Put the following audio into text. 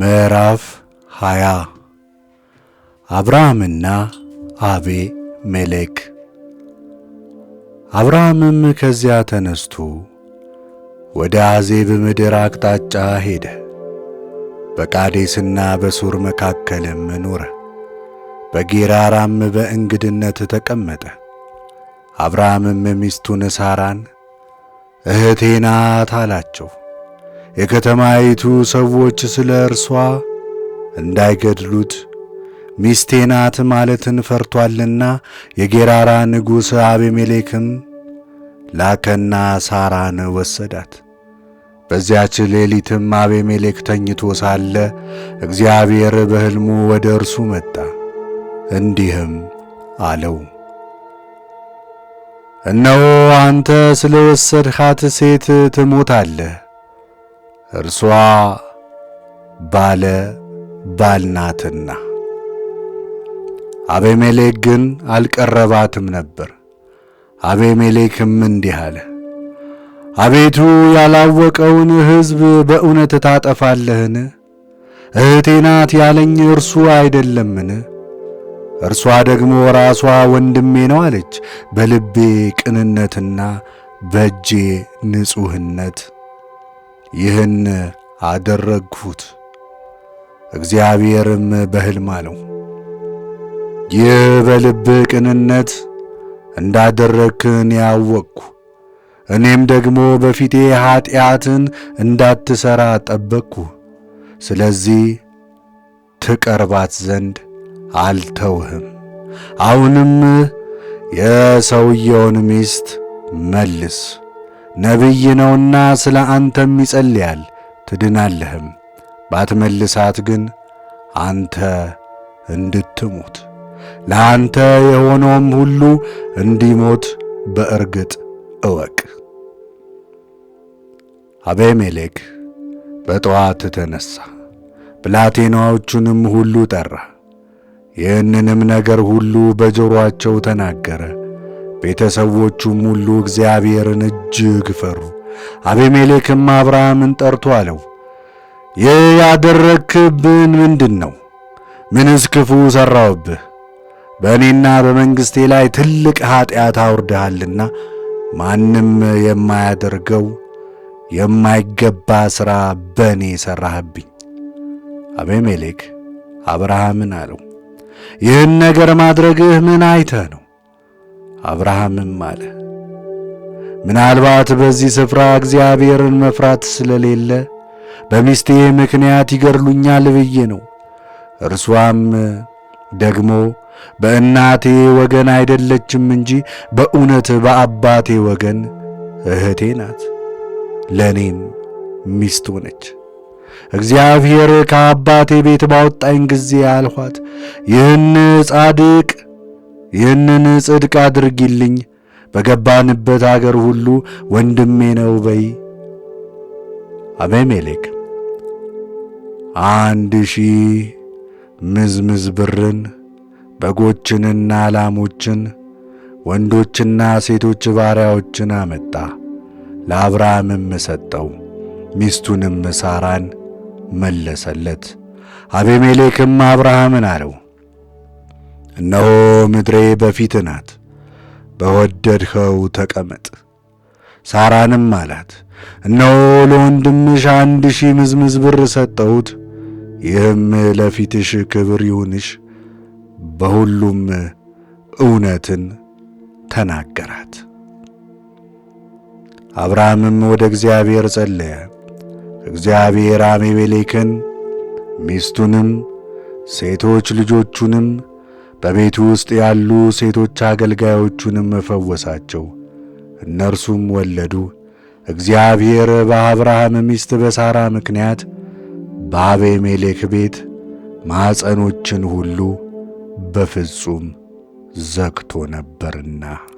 ምዕራፍ 20 አብርሃምና አቤሜሌክ። አብርሃምም ከዚያ ተነስቶ ወደ አዜብ ምድር አቅጣጫ ሄደ። በቃዴስና በሱር መካከልም ኖረ። በጌራራም በእንግድነት ተቀመጠ። አብርሃምም ሚስቱን ሳራን እህቴ ናት አላቸው። የከተማይቱ ሰዎች ስለ እርሷ እንዳይገድሉት ሚስቴ ናት ማለትን ፈርቷልና። የጌራራ ንጉሥ አቤሜሌክም ላከና ሳራን ወሰዳት። በዚያች ሌሊትም አቤሜሌክ ተኝቶ ሳለ እግዚአብሔር በሕልሙ ወደ እርሱ መጣ፣ እንዲህም አለው እነሆ አንተ ስለ ወሰድኻት ሴት ትሞታለህ እርሷ ባለ ባል ናትና። አቤሜሌክ ግን አልቀረባትም ነበር። አቤሜሌክም እንዲህ አለ፣ አቤቱ ያላወቀውን ሕዝብ በእውነት ታጠፋለህን? እህቴ ናት ያለኝ እርሱ አይደለምን? እርሷ ደግሞ ራሷ ወንድሜ ነው አለች። በልቤ ቅንነትና በእጄ ንጹሕነት ይህን አደረግሁት። እግዚአብሔርም በሕልም አለው ይህ በልብ ቅንነት እንዳደረግክን ያወቅኩ፣ እኔም ደግሞ በፊቴ ኀጢአትን እንዳትሠራ ጠበቅኩ። ስለዚህ ትቀርባት ዘንድ አልተውህም። አሁንም የሰውየውን ሚስት መልስ ነቢይ ነውና ስለ አንተም ይጸልያል ትድናለህም፣ ባትመልሳት ግን አንተ እንድትሞት ለአንተ የሆነውም ሁሉ እንዲሞት በእርግጥ እወቅ። አቤሜሌክ በጠዋት ተነሣ፣ ብላቴናዎቹንም ሁሉ ጠራ፣ ይህንንም ነገር ሁሉ በጆሮአቸው ተናገረ። ቤተሰቦቹም ሁሉ እግዚአብሔርን እጅግ ፈሩ። አቤሜሌክም አብርሃምን ጠርቶ አለው፣ ይህ ያደረግክብን ምንድን ነው? ምንስ ክፉ ሠራውብህ? በእኔና በመንግሥቴ ላይ ትልቅ ኀጢአት አውርደሃልና ማንም የማያደርገው የማይገባ ሥራ በእኔ ሠራህብኝ። አቤሜሌክ አብርሃምን አለው፣ ይህን ነገር ማድረግህ ምን አይተህ ነው? አብርሃምም አለ፣ ምናልባት በዚህ ስፍራ እግዚአብሔርን መፍራት ስለሌለ በሚስቴ ምክንያት ይገድሉኛል ብዬ ነው። እርሷም ደግሞ በእናቴ ወገን አይደለችም እንጂ በእውነት በአባቴ ወገን እህቴ ናት፣ ለእኔም ሚስት ሆነች። እግዚአብሔር ከአባቴ ቤት ባወጣኝ ጊዜ አልኋት፣ ይህን ጻድቅ ይህንን ጽድቅ አድርጊልኝ፣ በገባንበት አገር ሁሉ ወንድሜ ነው በይ። አቤሜሌክ አንድ ሺህ ምዝምዝ ብርን በጎችንና ላሞችን ወንዶችና ሴቶች ባሪያዎችን አመጣ። ለአብርሃምም ሰጠው፣ ሚስቱንም ሳራን መለሰለት። አቤሜሌክም አብርሃምን አለው እነሆ ምድሬ በፊት ናት፣ በወደድኸው ተቀመጥ። ሳራንም አላት፣ እነሆ ለወንድምሽ አንድ ሺህ ምዝምዝ ብር ሰጠሁት፣ ይህም ለፊትሽ ክብር ይሁንሽ። በሁሉም እውነትን ተናገራት። አብርሃምም ወደ እግዚአብሔር ጸለየ። እግዚአብሔር አቤሜሌክን ሚስቱንም ሴቶች ልጆቹንም በቤቱ ውስጥ ያሉ ሴቶች አገልጋዮቹንም ፈወሳቸው። እነርሱም ወለዱ። እግዚአብሔር በአብርሃም ሚስት በሳራ ምክንያት በአቤሜሌክ ቤት ማኅፀኖችን ሁሉ በፍጹም ዘግቶ ነበርና